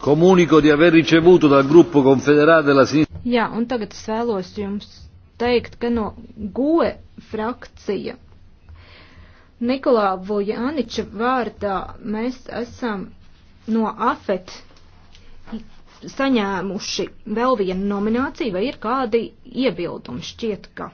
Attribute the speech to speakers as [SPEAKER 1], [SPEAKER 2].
[SPEAKER 1] Komuniko di aver ricevuto dal gruppo confederale della sinistra.
[SPEAKER 2] Jā, un tagad es vēlos jums teikt, ka no GOE frakcija Nikolā Vojaniča vārdā mēs esam no AFET saņēmuši vēl vienu nomināciju, vai ir
[SPEAKER 3] kādi iebildumi šķiet, ka.